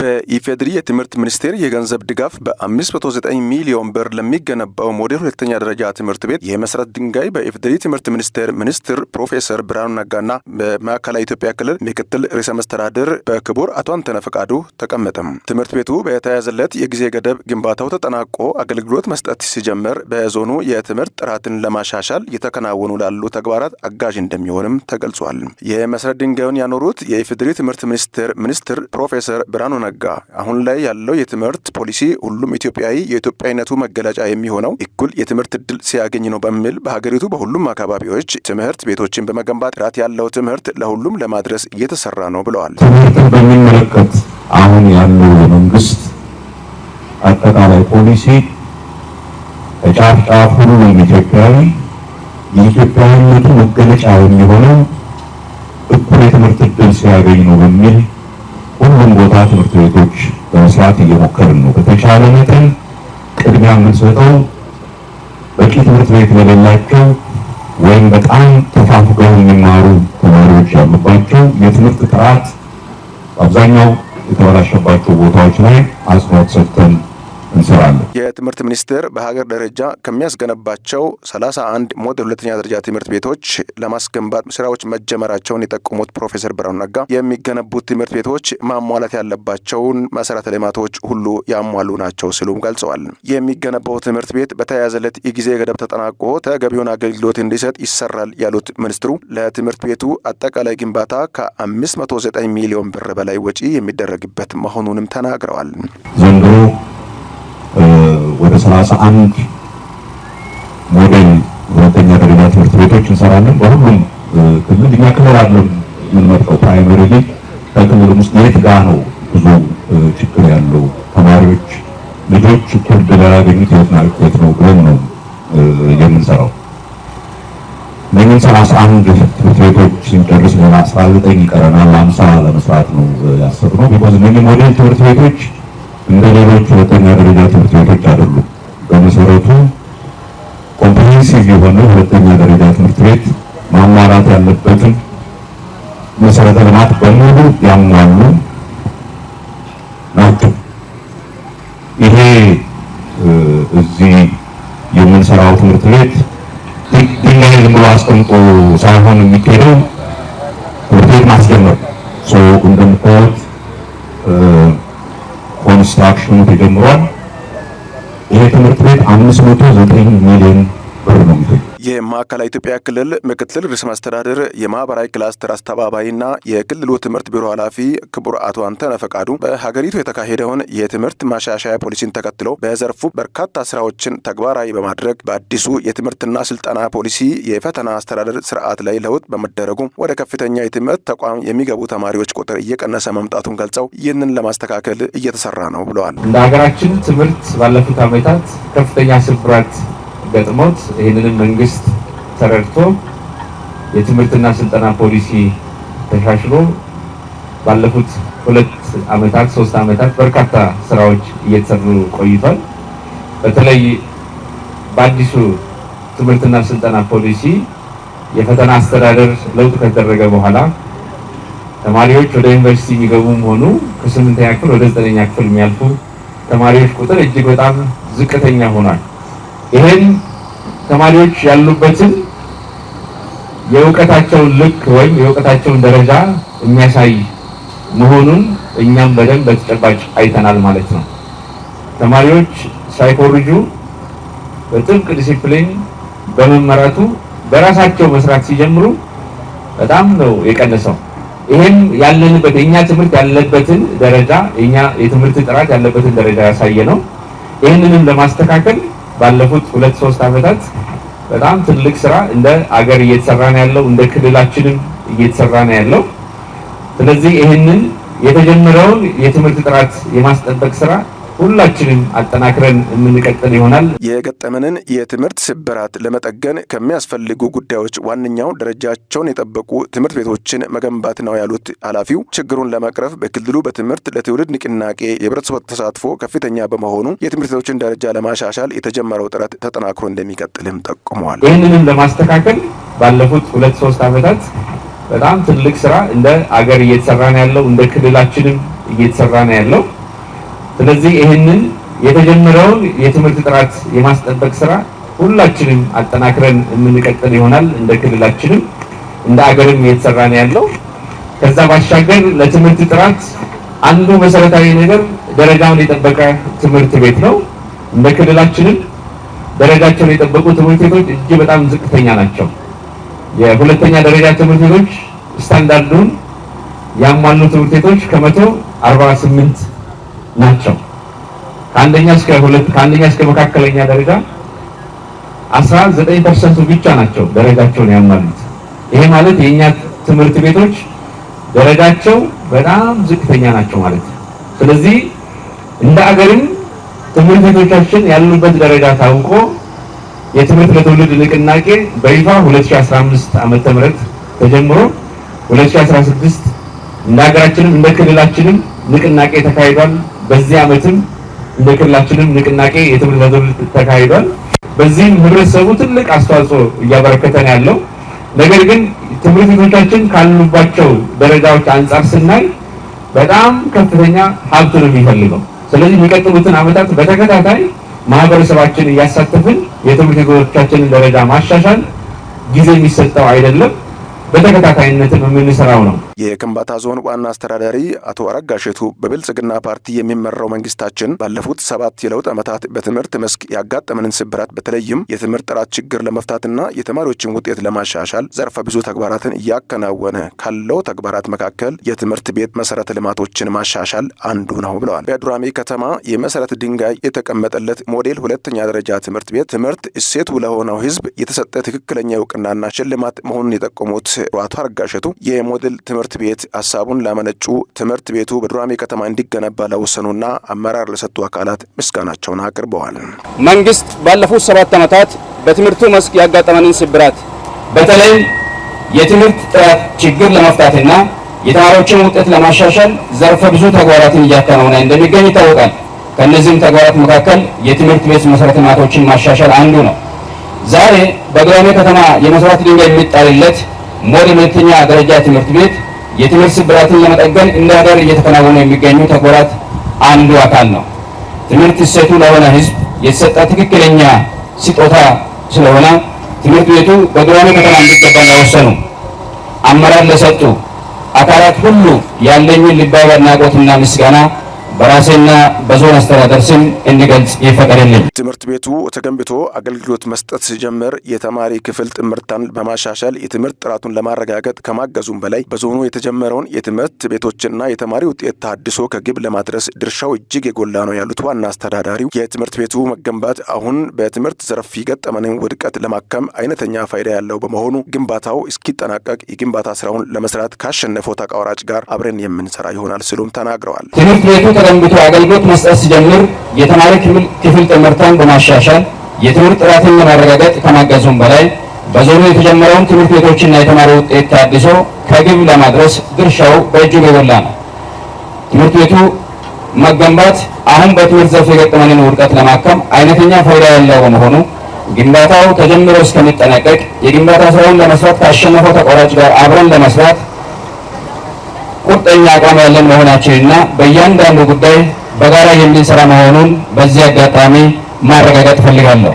በኢፌድሪ የትምህርት ሚኒስቴር የገንዘብ ድጋፍ በ509 ሚሊዮን ብር ለሚገነባው ሞዴል ሁለተኛ ደረጃ ትምህርት ቤት የመሰረት ድንጋይ በኢፌድሪ ትምህርት ሚኒስቴር ሚኒስትር ፕሮፌሰር ብርሃኑ ነጋና በማዕከላዊ ኢትዮጵያ ክልል ምክትል ርዕሰ መስተዳድር በክቡር አቶ አንተነ ፈቃዱ ተቀመጠም። ትምህርት ቤቱ በተያያዘለት የጊዜ ገደብ ግንባታው ተጠናቆ አገልግሎት መስጠት ሲጀመር በዞኑ የትምህርት ጥራትን ለማሻሻል የተከናወኑ ላሉ ተግባራት አጋዥ እንደሚሆንም ተገልጿል። የመሰረት ድንጋዩን ያኖሩት የኢፌድሪ ትምህርት ሚኒስቴር ሚኒስትር ፕሮፌሰር ብርሃኑ ብርሃኑ ነጋ አሁን ላይ ያለው የትምህርት ፖሊሲ ሁሉም ኢትዮጵያዊ የኢትዮጵያዊነቱ መገለጫ የሚሆነው እኩል የትምህርት እድል ሲያገኝ ነው በሚል በሀገሪቱ በሁሉም አካባቢዎች ትምህርት ቤቶችን በመገንባት ጥራት ያለው ትምህርት ለሁሉም ለማድረስ እየተሰራ ነው ብለዋል። ትምህርትን በሚመለከት አሁን ያለው የመንግስት አጠቃላይ ፖሊሲ ከጫፍ ጫፍ ሁሉም ኢትዮጵያዊ የኢትዮጵያዊነቱ መገለጫ የሚሆነው እኩል የትምህርት እድል ሲያገኝ ነው በሚል በሁሉም ቦታ ትምህርት ቤቶች በመስራት እየሞከርን ነው። በተሻለ መጠን ቅድሚያ የምንሰጠው በቂ ትምህርት ቤት ለሌላቸው ወይም በጣም ተፋፍገው የሚማሩ ተማሪዎች ያሉባቸው የትምህርት ጥራት አብዛኛው የተበላሸባቸው ቦታዎች ላይ አጽንኦት ሰጥተን እንሰራለን። የትምህርት ሚኒስቴር በሀገር ደረጃ ከሚያስገነባቸው ሰላሳ አንድ ሞዴል ሁለተኛ ደረጃ ትምህርት ቤቶች ለማስገንባት ስራዎች መጀመራቸውን የጠቁሙት ፕሮፌሰር ብርሃኑ ነጋ የሚገነቡት ትምህርት ቤቶች ማሟላት ያለባቸውን መሰረተ ልማቶች ሁሉ ያሟሉ ናቸው ሲሉም ገልጸዋል። የሚገነባው ትምህርት ቤት በተያያዘለት የጊዜ ገደብ ተጠናቆ ተገቢውን አገልግሎት እንዲሰጥ ይሰራል ያሉት ሚኒስትሩ ለትምህርት ቤቱ አጠቃላይ ግንባታ ከ509 ሚሊዮን ብር በላይ ወጪ የሚደረግበት መሆኑንም ተናግረዋል። ዘንድሮ ሰላሳ አንድ ሞዴል ሁለተኛ ደረጃ ትምህርት ቤቶች እንሰራለን። በሁሉም ክልል እኛ ክልል አለም የምንመርጠው ፕራይመሪ ሊግ ከክልል ውስጥ የት ጋ ነው ብዙ ችግር ያለው ተማሪዎች ልጆች እኩል ላያገኙት የት ነው ብለን ነው የምንሰራው። እነኝን ሰላሳ አንድ ትምህርት ቤቶች ስንጨርስ ሌላ አስራ ዘጠኝ ይቀረናል። አምሳ ለመስራት ነው ያሰብነው። ቢኮዝ እነኝህ ሞዴል ትምህርት ቤቶች እንደ ሌሎች ሁለተኛ ደረጃ ትምህርት ቤቶች አይደሉም። በመሰረቱ ኮምፕሬሄንሲቭ የሆነ ሁለተኛ ደረጃ ትምህርት ቤት ማሟላት ያለበትን መሰረተ ልማት በሙሉ ያሟሉ ናቸው። ይሄ እዚህ የምንሰራው ትምህርት ቤት ድንጋይ ዝም ብሎ አስቀምጦ ሳይሆን የሚካሄደው ትምህርት ቤት ማስጀመር ሰው እንደምታዩት ኮንስትራክሽኑ ተጀምሯል። ይሄ ትምህርት ቤት አምስት መቶ ዘጠኝ ሚሊዮን የማዕከላዊ ኢትዮጵያ ክልል ምክትል ርዕሰ መስተዳድር የማህበራዊ ክላስተር አስተባባይና የክልሉ ትምህርት ቢሮ ኃላፊ ክቡር አቶ አንተነ ፈቃዱ በሀገሪቱ የተካሄደውን የትምህርት ማሻሻያ ፖሊሲን ተከትሎ በዘርፉ በርካታ ስራዎችን ተግባራዊ በማድረግ በአዲሱ የትምህርትና ስልጠና ፖሊሲ የፈተና አስተዳደር ስርዓት ላይ ለውጥ በመደረጉ ወደ ከፍተኛ የትምህርት ተቋም የሚገቡ ተማሪዎች ቁጥር እየቀነሰ መምጣቱን ገልጸው ይህንን ለማስተካከል እየተሰራ ነው ብለዋል። እንደ ሀገራችን ትምህርት ባለፉት ዓመታት ከፍተኛ ስብራት ገጥሞት ይህንንም መንግስት ተረድቶ የትምህርትና ስልጠና ፖሊሲ ተሻሽሎ ባለፉት ሁለት ዓመታት ሶስት ዓመታት በርካታ ስራዎች እየተሰሩ ቆይቷል። በተለይ በአዲሱ ትምህርትና ስልጠና ፖሊሲ የፈተና አስተዳደር ለውጥ ከተደረገ በኋላ ተማሪዎች ወደ ዩኒቨርሲቲ የሚገቡም ሆኑ ከስምንተኛ ክፍል ወደ ዘጠነኛ ክፍል የሚያልፉ ተማሪዎች ቁጥር እጅግ በጣም ዝቅተኛ ሆኗል። ይህን ተማሪዎች ያሉበትን የእውቀታቸውን ልክ ወይም የእውቀታቸውን ደረጃ የሚያሳይ መሆኑን እኛም በደንብ በተጨባጭ አይተናል ማለት ነው። ተማሪዎች ሳይኮርጁ በጥብቅ ዲሲፕሊን በመመራቱ በራሳቸው መስራት ሲጀምሩ በጣም ነው የቀነሰው። ይህም ያለንበት የእኛ ትምህርት ያለበትን ደረጃ የእኛ የትምህርት ጥራት ያለበትን ደረጃ ያሳየ ነው። ይህንንም ለማስተካከል ባለፉት ሁለት ሶስት አመታት በጣም ትልቅ ስራ እንደ አገር እየተሰራ ነው ያለው፣ እንደ ክልላችንም እየተሰራ ነው ያለው። ስለዚህ ይህንን የተጀመረውን የትምህርት ጥራት የማስጠበቅ ስራ ሁላችንም አጠናክረን የምንቀጥል ይሆናል። የገጠመንን የትምህርት ስብራት ለመጠገን ከሚያስፈልጉ ጉዳዮች ዋነኛው ደረጃቸውን የጠበቁ ትምህርት ቤቶችን መገንባት ነው ያሉት ኃላፊው፣ ችግሩን ለመቅረፍ በክልሉ በትምህርት ለትውልድ ንቅናቄ የህብረተሰቡ ተሳትፎ ከፍተኛ በመሆኑ የትምህርት ቤቶችን ደረጃ ለማሻሻል የተጀመረው ጥረት ተጠናክሮ እንደሚቀጥልም ጠቁመዋል። ይህንንም ለማስተካከል ባለፉት ሁለት ሶስት ዓመታት በጣም ትልቅ ስራ እንደ አገር እየተሰራ ነው ያለው እንደ ክልላችንም እየተሰራ ነው ያለው ስለዚህ ይህንን የተጀመረውን የትምህርት ጥራት የማስጠበቅ ስራ ሁላችንም አጠናክረን የምንቀጥል ይሆናል። እንደ ክልላችንም እንደ አገርም እየተሰራ ነው ያለው። ከዛ ባሻገር ለትምህርት ጥራት አንዱ መሰረታዊ ነገር ደረጃውን የጠበቀ ትምህርት ቤት ነው። እንደ ክልላችንም ደረጃቸውን የጠበቁ ትምህርት ቤቶች እጅግ በጣም ዝቅተኛ ናቸው። የሁለተኛ ደረጃ ትምህርት ቤቶች ስታንዳርዱን ያሟሉ ትምህርት ቤቶች ከመቶ አርባ ስምንት ናቸው። ከአንደኛ እስከ ሁለት ከአንደኛ እስከ መካከለኛ ደረጃ 19 ፐርሰንቱ ብቻ ናቸው ደረጃቸውን ያሟሉት። ይሄ ማለት የእኛ ትምህርት ቤቶች ደረጃቸው በጣም ዝቅተኛ ናቸው ማለት ነው። ስለዚህ እንደ አገርም ትምህርት ቤቶቻችን ያሉበት ደረጃ ታውቆ የትምህርት ለትውልድ ንቅናቄ በይፋ 2015 ዓመተ ምህረት ተጀምሮ 2016 እንደ ሀገራችንም እንደ ክልላችንም ንቅናቄ ተካሂዷል። በዚህ ዓመትም እንደ ክልላችንም ንቅናቄ የትምህርት በትምህርት ተካሂዷል። በዚህም ህብረተሰቡ ትልቅ አስተዋጽኦ ነው ያለው ነገር ግን ትምህርት ቤቶቻችን ካሉባቸው ደረጃዎች አንጻር ስናይ በጣም ከፍተኛ ሀብት ነው የሚፈልገው። ስለዚህ የሚቀጥሉትን ዓመታት በተከታታይ ማህበረሰባችን እያሳተፍን የትምህርት ቤቶቻችንን ደረጃ ማሻሻል ጊዜ የሚሰጠው አይደለም። በተከታታይነት የምንሰራው ነው። የከምባታ ዞን ዋና አስተዳዳሪ አቶ አረጋሸቱ በብልጽግና ፓርቲ የሚመራው መንግስታችን ባለፉት ሰባት የለውጥ ዓመታት በትምህርት መስክ ያጋጠመንን ስብራት በተለይም የትምህርት ጥራት ችግር ለመፍታትና የተማሪዎችን ውጤት ለማሻሻል ዘርፈ ብዙ ተግባራትን እያከናወነ ካለው ተግባራት መካከል የትምህርት ቤት መሰረተ ልማቶችን ማሻሻል አንዱ ነው ብለዋል። በዱራሜ ከተማ የመሰረት ድንጋይ የተቀመጠለት ሞዴል ሁለተኛ ደረጃ ትምህርት ቤት ትምህርት እሴቱ ለሆነው ሕዝብ የተሰጠ ትክክለኛ እውቅናና ሽልማት መሆኑን የጠቆሙት አቶ አረጋሸቱ የሞዴል ትምህርት ቤት ሀሳቡን ላመነጩ ትምህርት ቤቱ በዱራሜ ከተማ እንዲገነባ ለወሰኑና አመራር ለሰጡ አካላት ምስጋናቸውን አቅርበዋል። መንግስት ባለፉት ሰባት ዓመታት በትምህርቱ መስክ ያጋጠመንን ስብራት በተለይም የትምህርት ጥራት ችግር ለመፍታትና የተማሪዎችን ውጤት ለማሻሻል ዘርፈ ብዙ ተግባራትን እያከናወነ እንደሚገኝ ይታወቃል። ከእነዚህም ተግባራት መካከል የትምህርት ቤት መሰረተ ልማቶችን ማሻሻል አንዱ ነው። ዛሬ በዱራሜ ከተማ የመሰረት ድንጋይ የሚጣልለት ሞድ ሁለተኛ ደረጃ ትምህርት ቤት የትምህርት ስብራትን ለመጠገን እንደ ሀገር እየተከናወኑ የሚገኙ ተግባራት አንዱ አካል ነው። ትምህርት እሴቱ ለሆነ ህዝብ የተሰጠ ትክክለኛ ስጦታ ስለሆነ ትምህርት ቤቱ በዱራሜ ከተማ እንዲገባ ወሰኑ አመራር ለሰጡ አካላት ሁሉ ያለኝን ልባዊ አድናቆትና ምስጋና በራሴና በዞን አስተዳደር ስም እንዲገልጽ ይፈቀድልኝ። ትምህርት ቤቱ ተገንብቶ አገልግሎት መስጠት ሲጀምር የተማሪ ክፍል ጥምርታን በማሻሻል የትምህርት ጥራቱን ለማረጋገጥ ከማገዙም በላይ በዞኑ የተጀመረውን የትምህርት ቤቶችና የተማሪ ውጤት ታድሶ ከግብ ለማድረስ ድርሻው እጅግ የጎላ ነው ያሉት ዋና አስተዳዳሪው የትምህርት ቤቱ መገንባት አሁን በትምህርት ዘርፍ የገጠመንን ውድቀት ለማከም አይነተኛ ፋይዳ ያለው በመሆኑ ግንባታው እስኪጠናቀቅ የግንባታ ስራውን ለመስራት ካሸነፈው ተቋራጭ ጋር አብረን የምንሰራ ይሆናል ሲሉም ተናግረዋል። ተገንብቶ አገልግሎት መስጠት ሲጀምር የተማሪ ክፍል ትምህርትን በማሻሻል የትምህርት ጥራትን ለማረጋገጥ ከማገዙም በላይ በዞኑ የተጀመረውን ትምህርት ቤቶችና የተማሪ ውጤት ታድሶ ከግብ ለማድረስ ድርሻው በእጅጉ የጎላ ነው። ትምህርት ቤቱ መገንባት አሁን በትምህርት ዘርፍ የገጠመንን ውድቀት ለማከም አይነተኛ ፋይዳ ያለው በመሆኑ ግንባታው ተጀምሮ እስከሚጠናቀቅ የግንባታ ስራውን ለመስራት ካሸነፈው ተቋራጭ ጋር አብረን ለመስራት ቁርጠኛ አቋም ያለን መሆናችንና በእያንዳንዱ ጉዳይ በጋራ የምንሰራ መሆኑን በዚህ አጋጣሚ ማረጋገጥ እፈልጋለሁ።